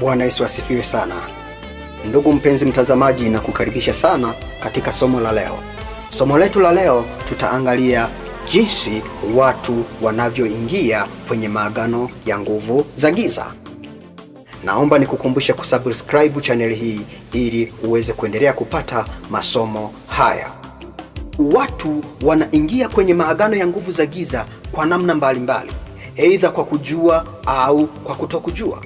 Bwana Yesu asifiwe sana. Ndugu mpenzi mtazamaji, na kukaribisha sana katika somo la leo. Somo letu la leo tutaangalia jinsi watu wanavyoingia kwenye maagano ya nguvu za giza. Naomba nikukumbushe kusubscribe chaneli hii ili uweze kuendelea kupata masomo haya. Watu wanaingia kwenye maagano ya nguvu za giza kwa namna mbalimbali, aidha kwa kujua au kwa kutokujua.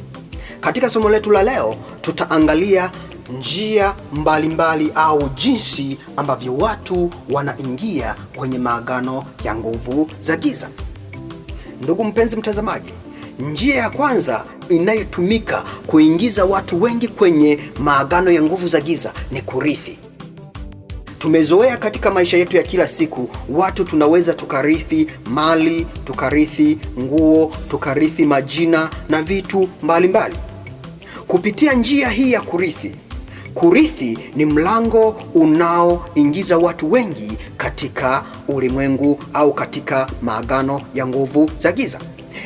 Katika somo letu la leo tutaangalia njia mbalimbali mbali au jinsi ambavyo watu wanaingia kwenye maagano ya nguvu za giza. Ndugu mpenzi mtazamaji, njia ya kwanza inayotumika kuingiza watu wengi kwenye maagano ya nguvu za giza ni kurithi. Tumezoea katika maisha yetu ya kila siku, watu tunaweza tukarithi mali, tukarithi nguo, tukarithi majina na vitu mbalimbali mbali kupitia njia hii ya kurithi. Kurithi ni mlango unaoingiza watu wengi katika ulimwengu au katika maagano ya nguvu za giza.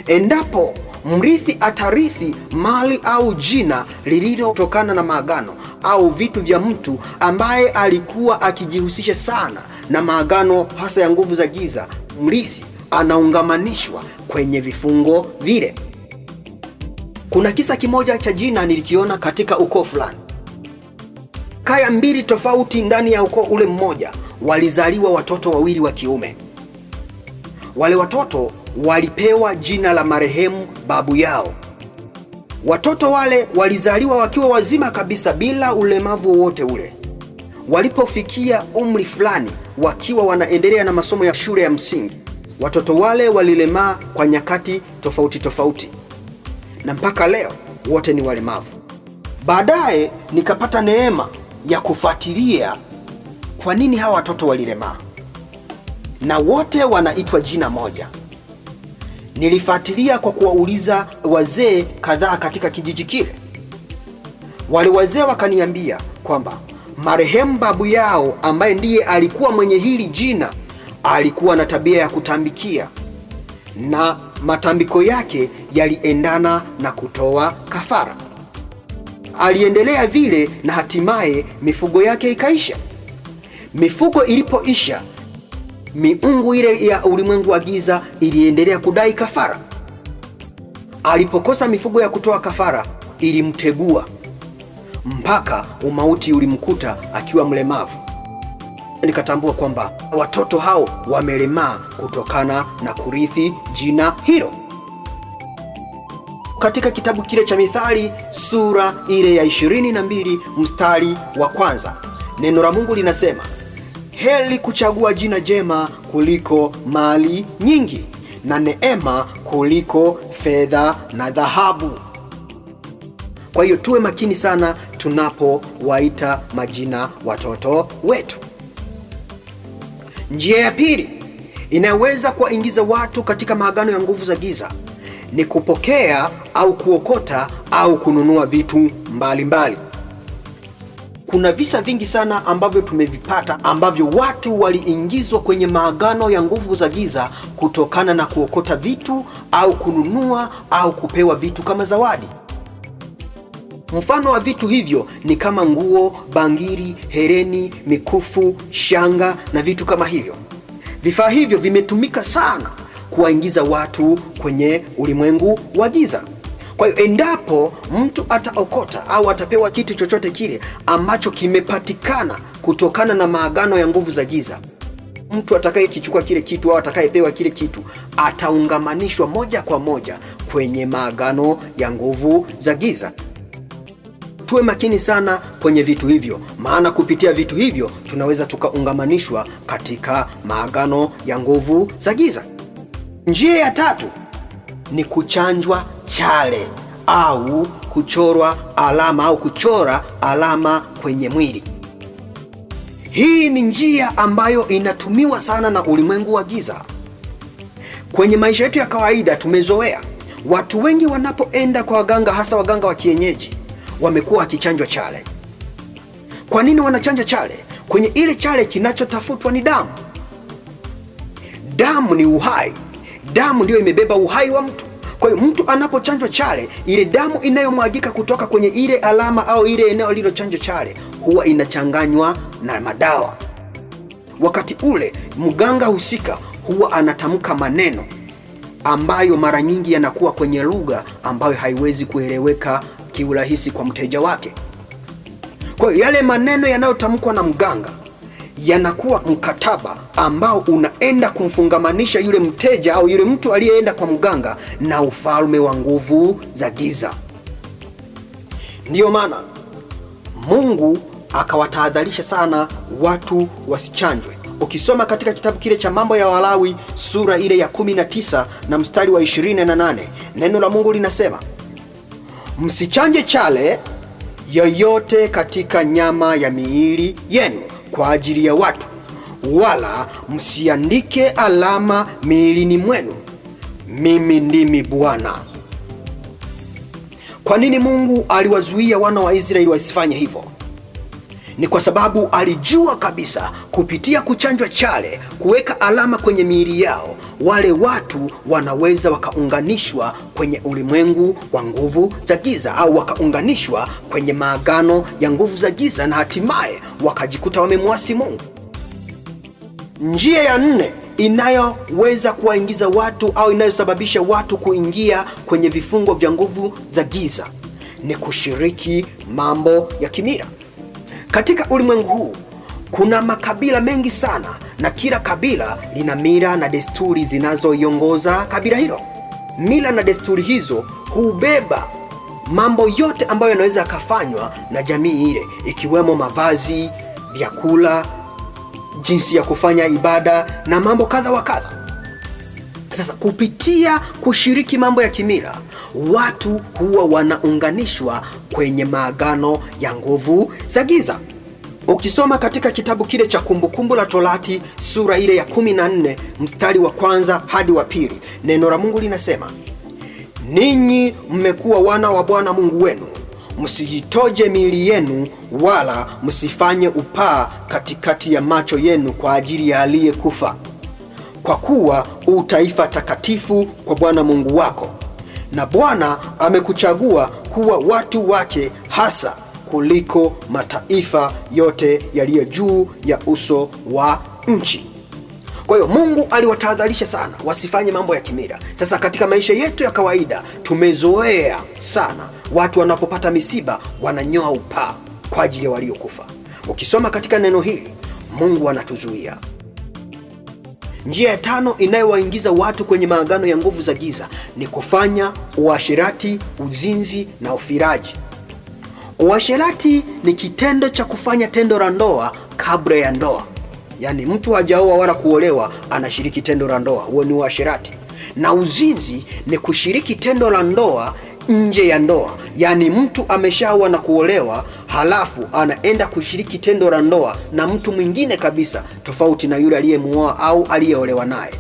Endapo mrithi atarithi mali au jina lililotokana na maagano au vitu vya mtu ambaye alikuwa akijihusisha sana na maagano hasa ya nguvu za giza, mrithi anaungamanishwa kwenye vifungo vile. Kuna kisa kimoja cha jina nilikiona katika ukoo fulani. Kaya mbili tofauti ndani ya ukoo ule mmoja walizaliwa watoto wawili wa kiume. Wale watoto walipewa jina la marehemu babu yao. Watoto wale walizaliwa wakiwa wazima kabisa bila ulemavu wowote ule. Walipofikia umri fulani, wakiwa wanaendelea na masomo ya shule ya msingi, watoto wale walilemaa kwa nyakati tofauti tofauti na mpaka leo wote ni walemavu. Baadaye nikapata neema ya kufuatilia kwa nini hawa watoto walilemaa, na wote wanaitwa jina moja. Nilifuatilia kwa kuwauliza wazee kadhaa katika kijiji kile. Wale wazee wakaniambia kwamba marehemu babu yao ambaye ndiye alikuwa mwenye hili jina alikuwa na tabia ya kutambikia na matambiko yake yaliendana na kutoa kafara. Aliendelea vile na hatimaye mifugo yake ikaisha. Mifugo ilipoisha, miungu ile ya ulimwengu wa giza iliendelea kudai kafara. Alipokosa mifugo ya kutoa kafara, ilimtegua mpaka umauti ulimkuta akiwa mlemavu. Nikatambua kwamba watoto hao wamelemaa kutokana na kurithi jina hilo katika kitabu kile cha Mithali sura ile ya ishirini na mbili mstari wa kwanza. Neno la Mungu linasema heli kuchagua jina jema kuliko mali nyingi na neema kuliko fedha na dhahabu. Kwa hiyo tuwe makini sana tunapowaita majina watoto wetu. Njia ya pili inayoweza kuwaingiza watu katika maagano ya nguvu za giza ni kupokea au kuokota au kununua vitu mbalimbali mbali. Kuna visa vingi sana ambavyo tumevipata ambavyo watu waliingizwa kwenye maagano ya nguvu za giza kutokana na kuokota vitu au kununua au kupewa vitu kama zawadi. Mfano wa vitu hivyo ni kama nguo, bangiri hereni, mikufu, shanga na vitu kama hivyo. Vifaa hivyo vimetumika sana kuwaingiza watu kwenye ulimwengu wa giza. Kwa hiyo endapo mtu ataokota au atapewa kitu chochote kile ambacho kimepatikana kutokana na maagano ya nguvu za giza, mtu atakayekichukua kile kitu au atakayepewa kile kitu ataungamanishwa moja kwa moja kwenye maagano ya nguvu za giza. Tuwe makini sana kwenye vitu hivyo, maana kupitia vitu hivyo tunaweza tukaungamanishwa katika maagano ya nguvu za giza. Njia ya tatu ni kuchanjwa chale au kuchorwa alama au kuchora alama kwenye mwili. Hii ni njia ambayo inatumiwa sana na ulimwengu wa giza. Kwenye maisha yetu ya kawaida tumezoea watu wengi wanapoenda kwa waganga, hasa waganga wa kienyeji, wamekuwa wakichanjwa chale. Kwa nini wanachanja chale? Kwenye ile chale kinachotafutwa ni damu. Damu ni uhai damu ndiyo imebeba uhai wa mtu. Kwa hiyo mtu anapochanjwa chale, ile damu inayomwagika kutoka kwenye ile alama au ile eneo lililochanjwa chale huwa inachanganywa na madawa. Wakati ule mganga husika huwa anatamka maneno ambayo mara nyingi yanakuwa kwenye lugha ambayo haiwezi kueleweka kiurahisi kwa mteja wake. Kwa hiyo yale maneno yanayotamkwa na mganga yanakuwa mkataba ambao unaenda kumfungamanisha yule mteja au yule mtu aliyeenda kwa mganga na ufalme wa nguvu za giza. Ndiyo maana Mungu akawatahadharisha sana watu wasichanjwe. Ukisoma katika kitabu kile cha Mambo ya Walawi sura ile ya 19 na mstari wa 28, neno la Mungu linasema msichanje chale yoyote katika nyama ya miili yenu kwa ajili ya watu, wala msiandike alama miilini mwenu. Mimi ndimi Bwana. Kwa nini Mungu aliwazuia wana wa Israeli wasifanye hivyo? ni kwa sababu alijua kabisa kupitia kuchanjwa chale, kuweka alama kwenye miili yao, wale watu wanaweza wakaunganishwa kwenye ulimwengu wa nguvu za giza, au wakaunganishwa kwenye maagano ya nguvu za giza, na hatimaye wakajikuta wamemwasi Mungu. Njia ya nne inayoweza kuwaingiza watu au inayosababisha watu kuingia kwenye vifungo vya nguvu za giza ni kushiriki mambo ya kimira katika ulimwengu huu kuna makabila mengi sana na kila kabila lina mila na desturi zinazoiongoza kabila hilo. Mila na desturi hizo hubeba mambo yote ambayo yanaweza yakafanywa na jamii ile, ikiwemo mavazi, vyakula, jinsi ya kufanya ibada na mambo kadha wa kadha. Sasa kupitia kushiriki mambo ya kimila, watu huwa wanaunganishwa kwenye maagano ya nguvu za giza. Ukisoma katika kitabu kile cha Kumbukumbu la Torati sura ile ya 14 mstari wa kwanza hadi wa pili, neno la Mungu linasema, ninyi mmekuwa wana wa Bwana Mungu wenu, msijitoje miili yenu wala msifanye upaa katikati ya macho yenu kwa ajili ya aliyekufa, kwa kuwa u taifa takatifu kwa Bwana Mungu wako, na Bwana amekuchagua kuwa watu wake hasa kuliko mataifa yote yaliyo juu ya uso wa nchi. Kwa hiyo Mungu aliwatahadharisha sana wasifanye mambo ya kimira Sasa katika maisha yetu ya kawaida tumezoea sana watu wanapopata misiba wananyoa upaa kwa ajili ya waliokufa. Ukisoma katika neno hili, Mungu anatuzuia. Njia ya tano inayowaingiza watu kwenye maagano ya nguvu za giza ni kufanya uasherati, uzinzi na ufiraji. Uasherati ni kitendo cha kufanya tendo la ndoa kabla ya ndoa, yaani mtu hajaoa wala kuolewa anashiriki tendo la ndoa, huo ni uasherati. Na uzinzi ni kushiriki tendo la ndoa nje ya ndoa, yaani mtu ameshaoa na kuolewa halafu anaenda kushiriki tendo la ndoa na mtu mwingine kabisa tofauti na yule aliyemuoa au aliyeolewa naye.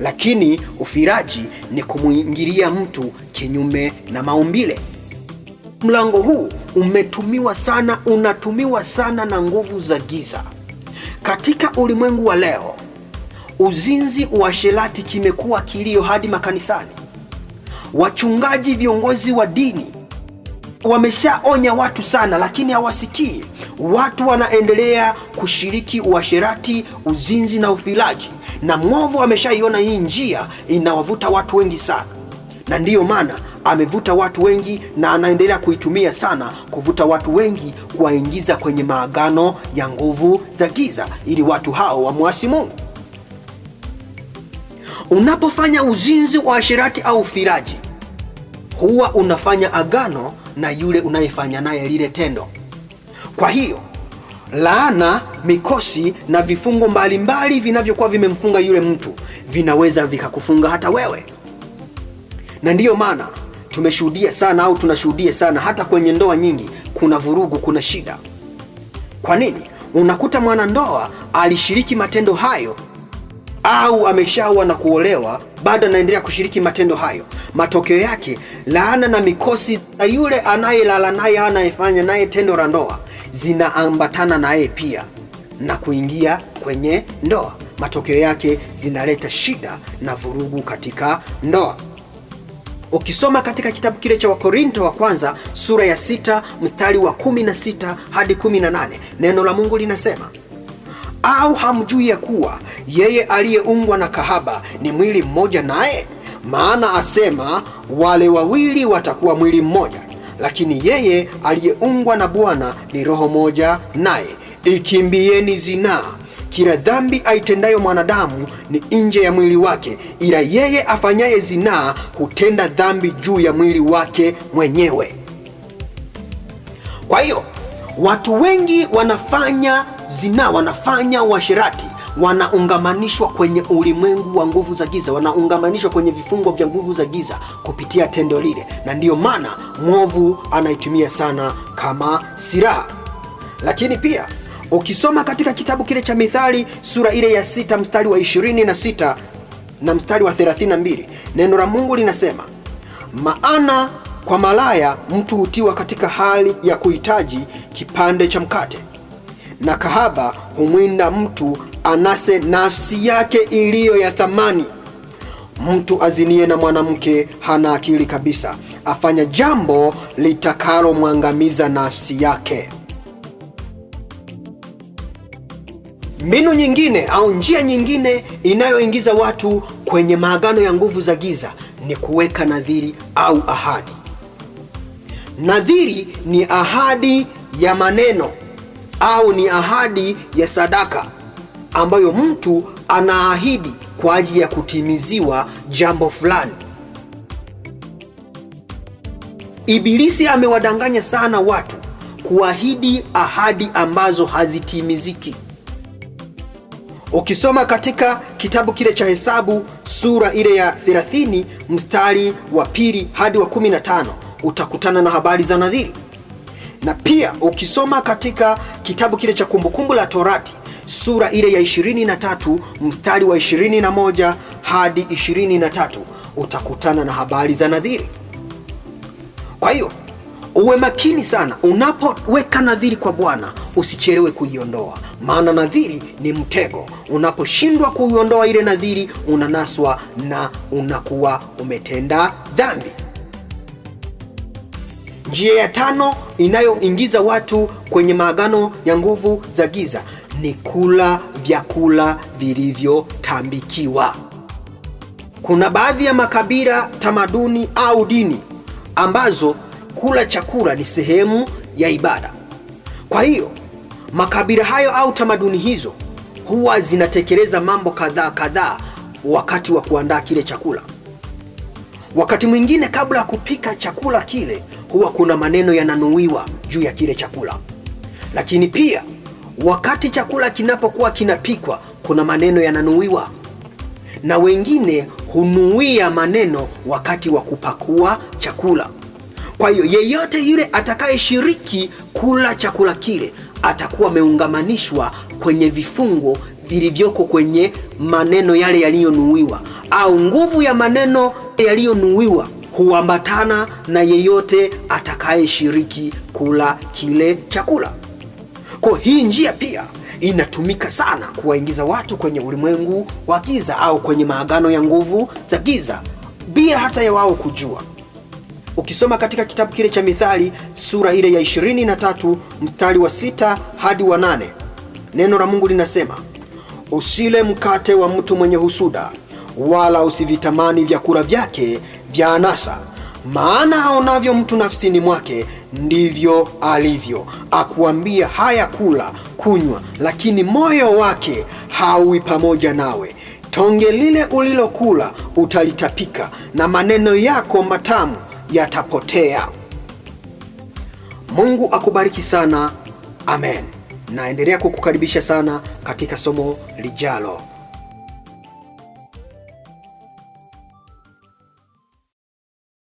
Lakini ufiraji ni kumwingilia mtu kinyume na maumbile. Mlango huu umetumiwa sana, unatumiwa sana na nguvu za giza. Katika ulimwengu wa leo, uzinzi, uasherati kimekuwa kilio hadi makanisani. Wachungaji, viongozi wa dini wameshaonya watu sana, lakini hawasikii. Watu wanaendelea kushiriki uasherati, uzinzi na ufilaji, na mwovu ameshaiona hii njia, inawavuta watu wengi sana, na ndiyo maana amevuta watu wengi na anaendelea kuitumia sana kuvuta watu wengi kuwaingiza kwenye maagano ya nguvu za giza ili watu hao wamwasi Mungu. Unapofanya uzinzi wa ashirati au firaji, huwa unafanya agano na yule unayefanya naye lile tendo. Kwa hiyo laana, mikosi na vifungo mbalimbali vinavyokuwa vimemfunga yule mtu vinaweza vikakufunga hata wewe, na ndiyo maana tumeshuhudia sana au tunashuhudia sana hata kwenye ndoa nyingi, kuna vurugu, kuna shida. Kwa nini? Unakuta mwanandoa alishiriki matendo hayo au ameshawa na kuolewa, bado anaendelea kushiriki matendo hayo. Matokeo yake laana na mikosi na yule anayelala naye, anayefanya naye tendo la ndoa, zinaambatana naye pia na kuingia kwenye ndoa. Matokeo yake zinaleta shida na vurugu katika ndoa. Ukisoma katika kitabu kile cha Wakorinto wa kwanza sura ya sita mstari wa kumi na sita hadi kumi neno la Mungu linasema au hamjui ya kuwa yeye aliyeungwa na kahaba ni mwili mmoja naye? Maana asema wale wawili watakuwa mwili mmoja. Lakini yeye aliyeungwa na Bwana ni roho moja naye. Ikimbieni zinaa. Kila dhambi aitendayo mwanadamu ni nje ya mwili wake, ila yeye afanyaye zinaa hutenda dhambi juu ya mwili wake mwenyewe. Kwa hiyo watu wengi wanafanya zinaa, wanafanya uasherati, wanaungamanishwa kwenye ulimwengu wa nguvu za giza, wanaungamanishwa kwenye vifungo vya nguvu za giza kupitia tendo lile, na ndiyo maana mwovu anaitumia sana kama silaha, lakini pia Ukisoma katika kitabu kile cha Mithali sura ile ya sita mstari wa ishirini na sita na mstari wa 32 neno la Mungu linasema, maana kwa malaya mtu hutiwa katika hali ya kuhitaji kipande cha mkate, na kahaba humwinda mtu anase nafsi yake iliyo ya thamani. Mtu azinie na mwanamke hana akili kabisa, afanya jambo litakalomwangamiza nafsi yake. Mbinu nyingine au njia nyingine inayoingiza watu kwenye maagano ya nguvu za giza ni kuweka nadhiri au ahadi. Nadhiri ni ahadi ya maneno au ni ahadi ya sadaka ambayo mtu anaahidi kwa ajili ya kutimiziwa jambo fulani. Ibilisi amewadanganya sana watu kuahidi ahadi ambazo hazitimiziki. Ukisoma katika kitabu kile cha Hesabu sura ile ya 30 mstari wa pili hadi wa 15 utakutana na habari za nadhiri, na pia ukisoma katika kitabu kile cha Kumbukumbu la Torati sura ile ya 23 mstari wa 21 hadi 23 utakutana na habari za nadhiri. Kwa hiyo uwe makini sana unapoweka nadhiri kwa Bwana, usichelewe kuiondoa maana nadhiri ni mtego. Unaposhindwa kuiondoa ile nadhiri, unanaswa na unakuwa umetenda dhambi. Njia ya tano inayoingiza watu kwenye maagano ya nguvu za giza ni kula vyakula vilivyotambikiwa. Kuna baadhi ya makabila, tamaduni au dini ambazo kula chakula ni sehemu ya ibada. Kwa hiyo Makabila hayo au tamaduni hizo huwa zinatekeleza mambo kadhaa kadhaa wakati wa kuandaa kile chakula. Wakati mwingine kabla ya kupika chakula kile, huwa kuna maneno yananuiwa juu ya kile chakula, lakini pia wakati chakula kinapokuwa kinapikwa, kuna maneno yananuiwa, na wengine hunuia maneno wakati wa kupakua chakula. Kwa hiyo yeyote yule atakayeshiriki kula chakula kile atakuwa ameungamanishwa kwenye vifungo vilivyoko kwenye maneno yale yaliyonuiwa, au nguvu ya maneno yaliyonuiwa huambatana na yeyote atakayeshiriki kula kile chakula. Kwa hii njia pia inatumika sana kuwaingiza watu kwenye ulimwengu wa giza au kwenye maagano ya nguvu za giza bila hata ya wao kujua. Ukisoma katika kitabu kile cha Mithali sura ile ya 23 mstari wa sita hadi wa nane neno la Mungu linasema, usile mkate wa mtu mwenye husuda, wala usivitamani vyakula vyake vya anasa, maana aonavyo mtu nafsini mwake ndivyo alivyo. Akuambia haya, kula, kunywa, lakini moyo wake hauwi pamoja nawe. Tonge lile ulilokula utalitapika, na maneno yako matamu yatapotea. Mungu akubariki sana, amen. Naendelea kukukaribisha sana katika somo lijalo.